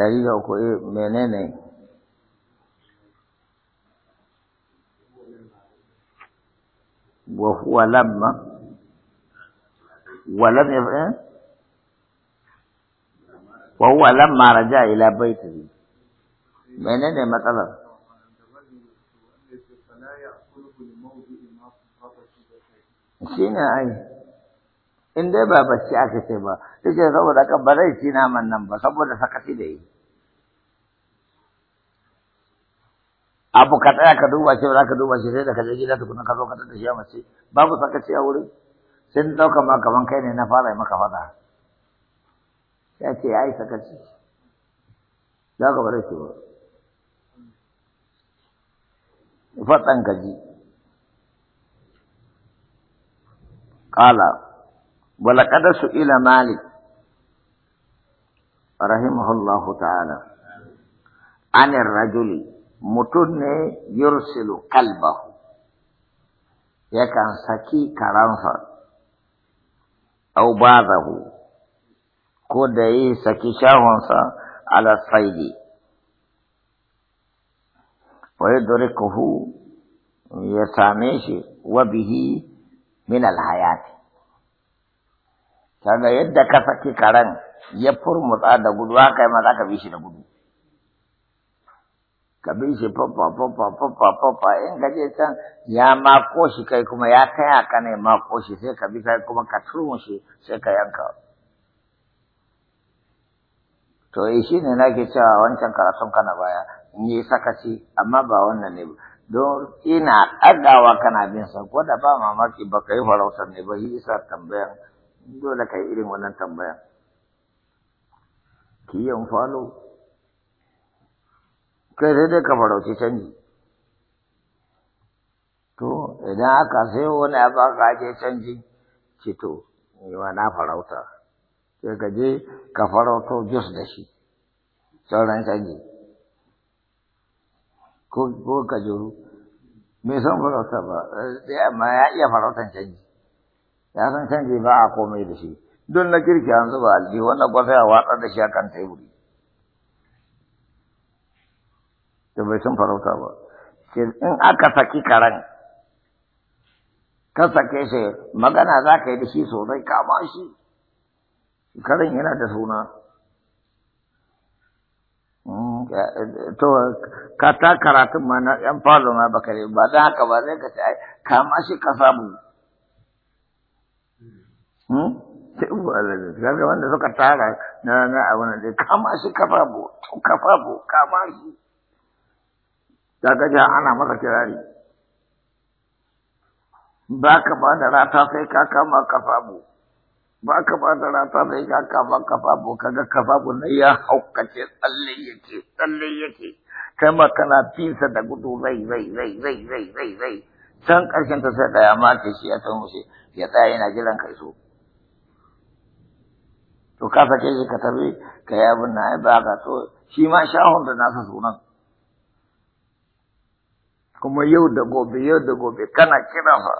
dari da uku menene وهو لما ولم يفعل وهو لما رجع إلى بيته من هذا مثلا شين أي in dai ba bacci aka ce ba yake saboda haka ba zai ci naman nan ba saboda sakaci da yi abu ka tsaya ka duba ce, ba ka duba ce sai da ka je gida tukuna ka zo ka tada shi a mace babu sakaci a wurin sai na ɗaukar ma kaman kai ne na fara maka fada ya ce ya yi sakaci za ka bari shi ba faɗan ka ji ƙala ولقد سئل مالك رحمه الله تعالى عن الرجل متن يرسل قلبه يكن سكي كرنفا أو بعضه كود سكي شاهنسا على الصيد ويدركه يسانيش وبه من الحياه kaga yadda ka saki karen ya furmutsa da gudu haka ma za ka bi shi da gudu ka bi shi fafa fafa fafa in ka je can ya ma koshi kai kuma ya kai ka ne ma koshi sai ka bi kai kuma ka shi sai ka yanka to yi eh, shi ne nake cewa wancan karatun kana baya in yi sakaci amma ba wannan ne don ina ɗagawa kana bin sa ko da ba mamaki ba ka yi farautar ne ba yi isa tambayan dole ka yi irin wannan tambayan kiyon falo kai dai ka farauci canji to idan aka sai wani ba ka ake canji ce to wa na farauta sai ka je ka farauto jus da shi sauran canji ko ka juru mai son farauta ba amma eh, eh, ya iya farautan canji ya san canji ba a komai da shi don na kirki an zuba aljihu wannan ba sai a watsar da shi a kan teburi da bai san farauta ba in aka saki karen ka sake shi magana za ka yi da shi sosai kama shi karen yana da suna hmm, to ka ta karatun ma na yan falo ma baka ba don haka ba zai ka ce kama shi ka samu Tebu hmm? alaji, kaga wanda suka tara na na abin da kama shi kafafu kafafu kama shi. Daga ja ana masa kirari. Ba ka ba da rata sai ka kama kafafu Ba ka ba da rata sai ka kama kafafu kaga kafafu na ya haukace tsalle yake, tsalle yake. Kai ma kana finsa da gudu rai, rai, rai, rai, rai, rai, rai. Can ƙarshen ta sai ɗaya mace shi ya san mushe, ya tsaya yana jiran kai so. to ka sake shi ka tafi ka yi abin na ba ka so shi ma shahon da nasa sunan kuma yau da gobe yau da gobe kana kiran fa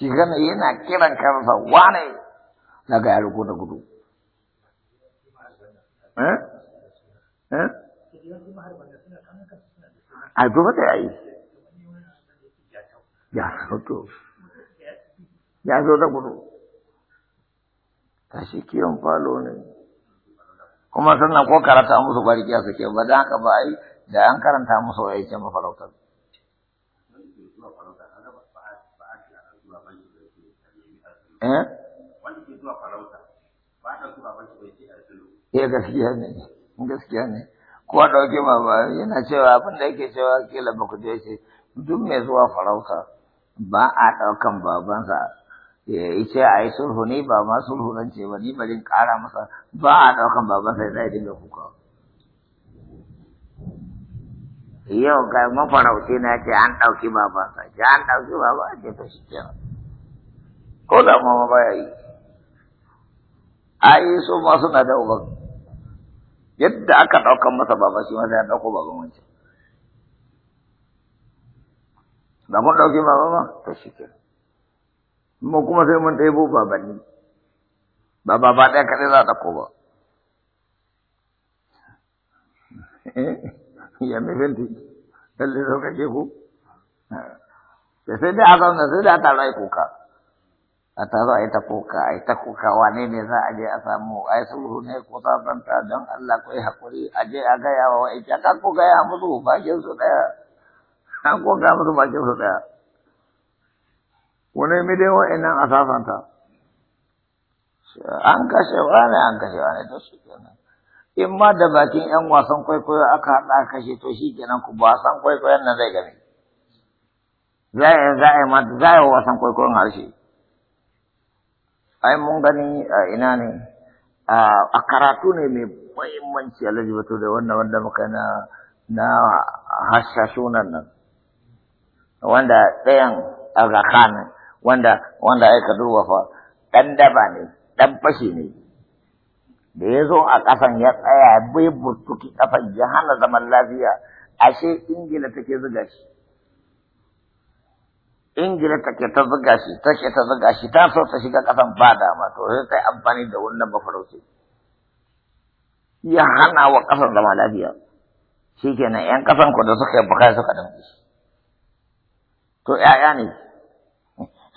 shi gana yana kiran kansa wane daga ya riko da gudu eh eh ai gobe da ai ya sauto ya zo da gudu kashi kiyon falo ne kuma sannan ko karanta musu barkiya suke ba da haka ba ai da an karanta musu ya ce mafarautar eh Ya eh, gaskiya ne gaskiya ne ko dauke ma ba yana cewa abin da yake cewa kila ba ku je shi duk mai zuwa farauta ba a daukan babansa ce a yi sulhu ne ba ma sulhu nan ce ba ni ba jin ƙara masa ba a ɗaukan baban sai zai dinga kuka yau ga mafarauci na ce an ɗauki baban sa ce an ɗauki baban ce ta shi ke ko da ma ba ya yi a yi so ma suna da uban yadda aka ɗaukan masa baban shi ma sai an ɗauko baban wancan da mun ɗauki baban ba to shi ke mu kuma sai mun ɗebo babanni ba ba ba ɗaya kaɗai za ta ko ba ya mai fenti lalle sau kake ku da sai dai a zauna sai dai a taro ai kuka a taro ai ta kuka ai ta kuka wane ne za a je a samu yi sulhu ne ko sabanta don Allah ko hakuri a je a gaya wa a kan ko gaya musu bakin su ɗaya an ko ga musu bakin su ɗaya wani mi dai wa'annan a sasanta an kashe ne, an kashe ne to su kenan in ma da bakin yan wasan kwaikwayo aka haɗa kashe to shi kenan ku ba? wasan kwaikwayon nan zai gani. za a za a ma za a wasan kwaikwayon harshe ai mun gani a ina ne a karatu ne mai muhimmanci alhaji bato da wannan wanda muka na na sunan nan wanda ɗayan a rakanin wanda wanda aka duba fa dan daba ne dan fashi ne da ya zo a ƙasan ya tsaya bai burtuki ƙasan ya hana zaman lafiya ashe ingila take zuga shi ingila take ta zuga shi take ta zuga shi ta so ta shiga ƙasan ba dama to sai ta amfani da wannan mafarauci ya hana wa ƙasan zama lafiya shikenan 'yan ƙasan ku da suka yi bukai suka dan shi to 'ya'ya ne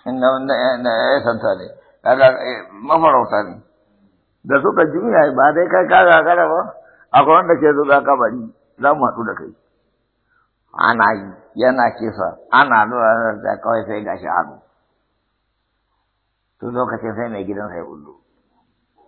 na ya eh, eh, santa ne eh, kaga mafarauta ne da suka juya ba dai kai ka gagara ba akwai wanda ke zuga kabari za mu haɗu da kai ana yi yana kisa ana nuna da kawai sai gashi hannu tun lokacin sai mai gidan sai ullu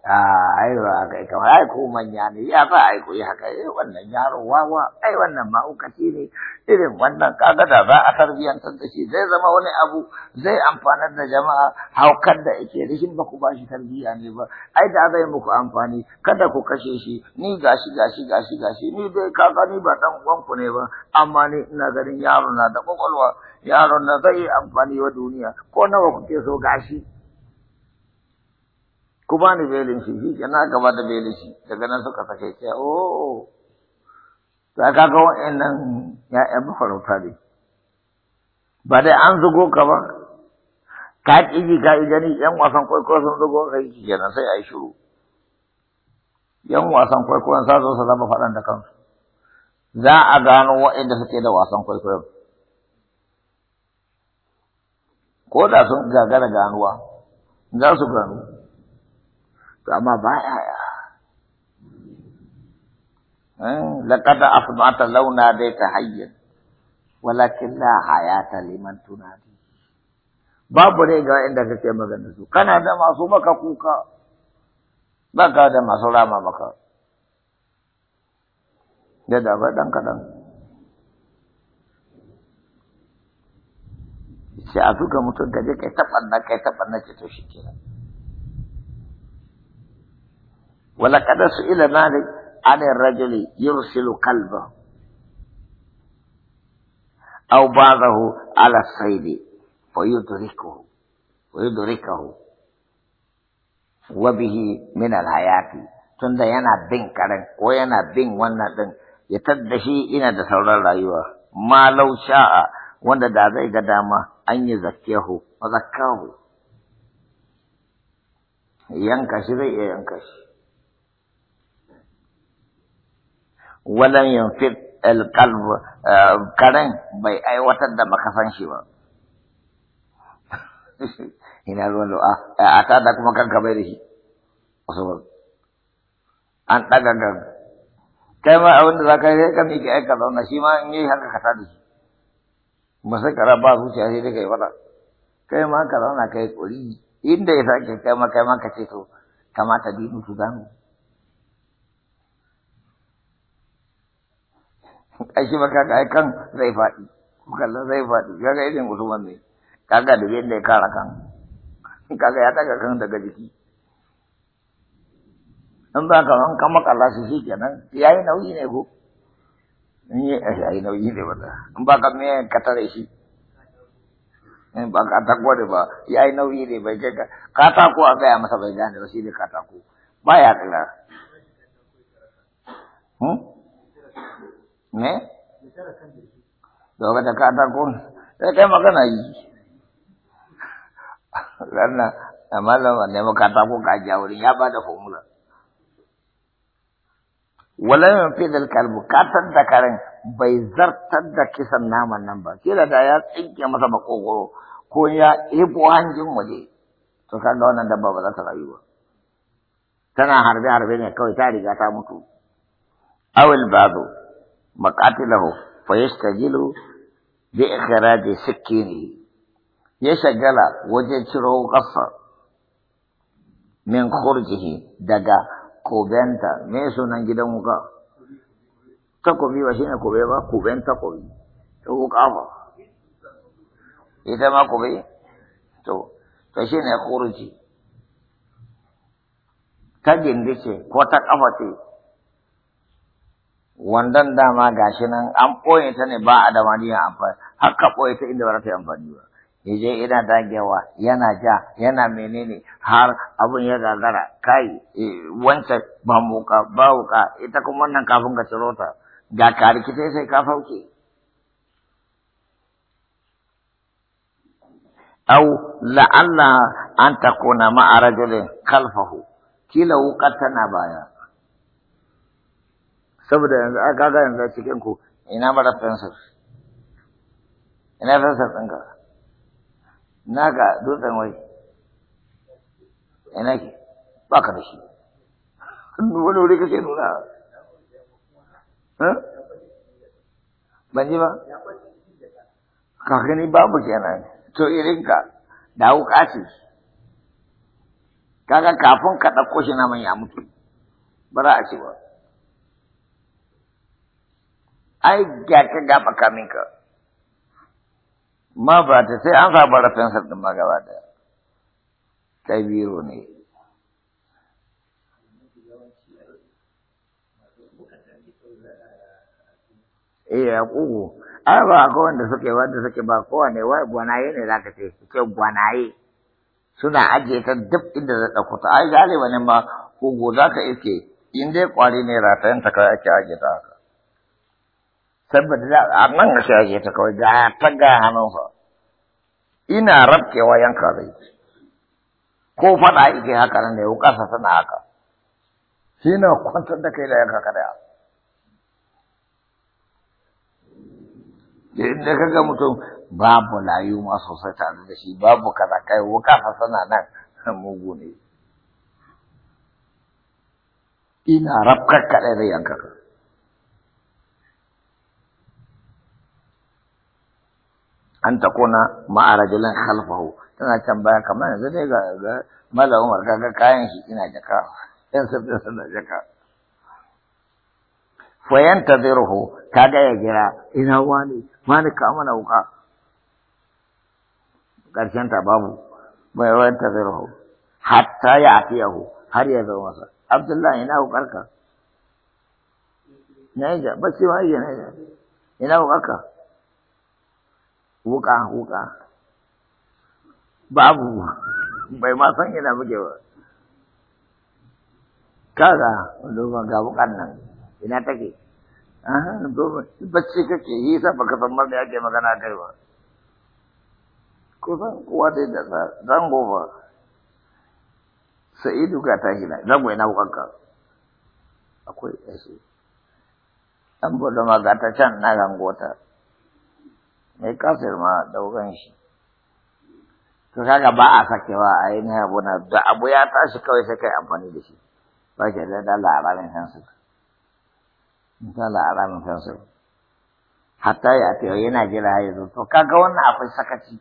aiwa ah, kai kamar ai manya ne ya fa ai ku haka eh wannan yaro wawa ai wannan mahaukaci ne irin wannan kaga da za a tarbiyantar da shi zai zama wani abu zai amfanar da jama'a haukar da yake rishin ba ku ba shi tarbiya ne ba ai da zai muku amfani kada ku kashe shi ni gashi gashi gashi gashi ni dai kaga ni ba dan uwan ku ne ba amma ni ina ganin yaro na da kwakwalwa yaro na zai amfani wa duniya ko nawa kuke so gashi ku ba ni belin shi shi kenan da belin shi daga nan suka sake ce o oh. ta kaga wa'annan ya'yan mafarauta ne ba dai an zugo ka ka ƙiji ka yi gani yan wasan kwaikwayo sun zugo yi kenan sai a yi shiru yan wasan kwaikwayon sa zo zama faɗan da kansu za a gano wa'anda suke da wasan kwaikwayon ko da sun gagara ganuwa za su gano to amma ba yaya لقد أصبحت لو ta حيا ولكن لا حياة liman تنادي babu dai ga inda kake magana su kana da masu maka kuka ka da masu rama maka da da ba dan kadan sai a duka mutum ka je kai taɓanna kai taɓanna ce to shi kenan ولقد سئل مالك عن الرجل يرسل قلبه أو بعضه على الصيد فيدركه ويدركه وبه من الحياة تند ينا بين كرن وينا بين ونا دن يتدشي إنا دسورة رأيوه ما لو شاء وانا da قداما ga يزكيه وذكاه ينكش zakkehu ينكش walan yanfid alƙalb eh, karen bai aiwatar da makasan shi ba ina zuwa lo'a ah, eh, a ta da kuma kanka bai da shi an ɗaga ga kai ma abin da za ka yi kan ike aika zauna shi ma in yi haka ka da shi ba sai ka ba zuciya sai dai ka yi fada kai ma ka zauna ka yi ƙuri inda ya sake kai ma kai ma ka ce to kamata dinu su gano kashi ba kaga kan zai faɗi kallon zai faɗi kaga irin usman ne kaga da yadda ya kara kan kaga ya daga kan daga jiki in ba ka wanka kama kalla su shi kenan ya yi nauyi ne ko in yi ya yi nauyi ne ba in ba ka me ka tare shi in ba ka takwa da ba ya yi nauyi ne bai kai katako a gaya masa bai gane ba shi ne katako ba ya tsira ne. dobe da katako sai eh, kai magana yi ranar da malama ma katako ka ja wurin ya ba da formula walan fi dal kalbu da karen bai zartar da kisan naman nan ba kira da ya tsinke masa makogoro ko ya ibo hanjin waje to ga wannan dabba ba za ta rayu ba tana harbe harbe ne kawai ta riga ta mutu awil babu مقاتله فيستجل بإخراج سكينه يشغل وجه شروع قصة من خرجه دغا كوبنتا ميسو ننجد تكوبي تقوبي كوبي با كوبنتا كوبي تو كافا إذا ما كوبي تو فشينا خرجي ta ديشي كوتا ko ta wandan dama gashi nan an ɓoye ta ne ba a da maniyan amfani haka ɓoye ta inda ba za ta yi amfani ba ya je yana dagewa yana ja yana menene har abin ya gagara kai eh, wancan ba muka ba wuka ita kuma wannan kafin ka ciro ta ga ka rikice sai ka fauke aw la'alla an takuna ma'a rajulin kalfahu kila wuƙa tana baya saboda yanzu a kaga yanzu cikin ku ina mara fensir ina fensir ɗinka na ga dutsen wai ina ki ba ka da shi wani wuri kake nuna ban ji ba ka gani babu kenan to irin ka, da wuka ce kaga kafin ka ɗauko shi na ya mutu bara a ce ba ai ga ka ga makamin ka ma ba ta sai an bara rafin sardin ma gaba da kai biro ne eh ya kugu ai ba ko wanda suke wanda suke ba kowane wai gwanaye ne zaka ce suke gwanaye suna ajiye ta duk inda za ɗauko ta ai galiba ne ma kogo za ka iske in dai kwari ne ratayen ta kai ake ajiye ta haka saboda da a nan ka shi ake ta kawai ga ta ga hannunsa ina rabkewa yanka zai ko faɗa yake haka nan da yau ƙasa tana haka shi na kwantar da kai da yanka kada inda ka ga mutum babu layu ma sosai tare da shi babu kaza kai wuka fa sana nan mugu ne ina rabkar kaɗai da yanka an ta kona ma'arajalin halfahu tana tambaya kamar yanzu dai ga ga malam Umar ga kayan shi ina jaka yan sabbin sana jaka fa ta ga ya jira ina wani wani ka mana wuka karshen ta babu bai zirhu hatta ya atiyahu har ya zo masa Abdullahi ina wukarka na yi ja bacci ma yi na yi ina wukarka wuka wuka babu bai ma san yana muke ba kaga duba ga wukan nan ina take aha duba bacci kake yi sa baka san ma me ake magana kai ba kusan kowa dai da zango ba idu ga tashi na zango ina ka akwai yashi an bude magata can na rangota mai kafir ma daukan shi to kaga ba a sakewa a yin abu na da abu ya tashi kawai sai kai amfani da shi ba ke da da laramin fensir da laramin fensir hatta ya ta yana jira ya zo to kaga wannan akwai sakaci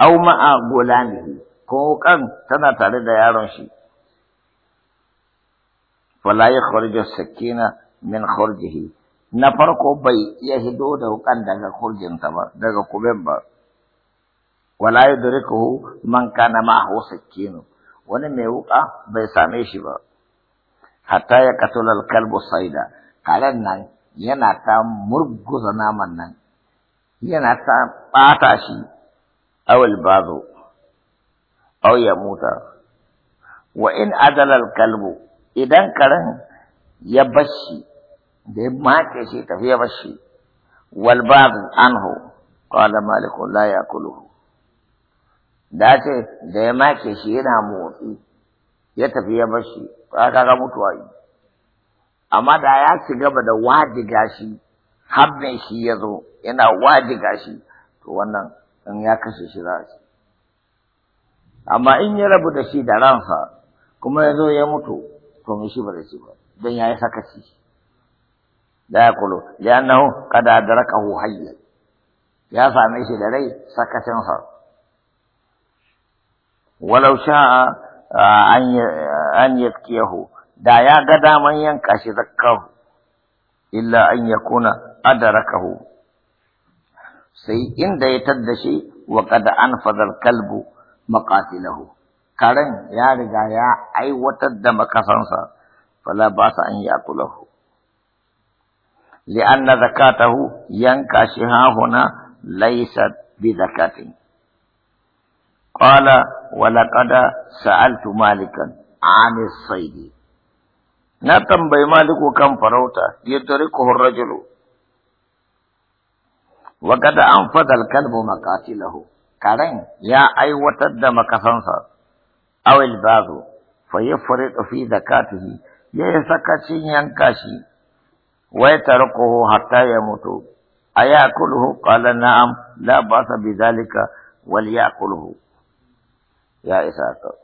au a gulamihi ko kan tana tare da yaron shi Wala ya kharija sakina min kharjihi na farko bai iya hido da wukan daga kurjinsa ba daga kuben ba wala yudrikuhu man kana ma'ahu sakinu wani mai wuka bai same shi ba hatta ya katulal kalbu saida karen nan yana ta murguza naman nan yana ta ɓata shi awal bazo aw ya muta wa in adalal kalbu idan karen ya bashi da ya maƙe shi tafiya bashi wal babu anhu qala malik la yakuluhu da ce da ya make shi yana motsi ya tafi ya bashi ka ga mutuwa yi amma da ya ci gaba da wajiga shi habbe shi ya zo yana wajiga shi to wannan in ya kashe shi za shi amma in ya rabu da shi da ransa kuma ya zo ya mutu to me shi ba da shi ba don ya yi sakaci لا يقول لأنه قد أدركه حيا يا سامي شي لري سكتن نصر ولو شاء أن يذكيه دا يا غدا من ينكش ذكره إلا أن يكون أدركه سي إن دا يتدشي وقد أنفذ الكلب مقاتله كارن يا رجا يا أي وتد مكسنسا فلا باس أن يأكله لأن ذكاته ينكاشها هنا ليست بذكاته قال ولقد سألت مالكا عن الصيد نتنبي مالك كم فروتا يدركه الرجل وقد أنفذ الكلب مقاتله كارين يا أي أيوة، وتد مكسنسا أو الباغ فيفرط في ذكاته يا سكاشي ينكاشي ويتركه حتى يموت أيأكله قال نعم لا بأس بذلك وليأكله يا إسحاق